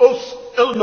us il